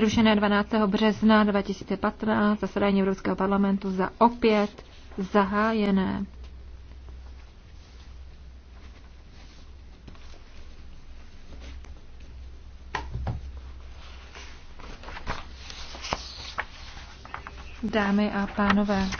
přerušené 12. března 2015 zasedání Evropského parlamentu za opět zahájené. Dámy a pánové.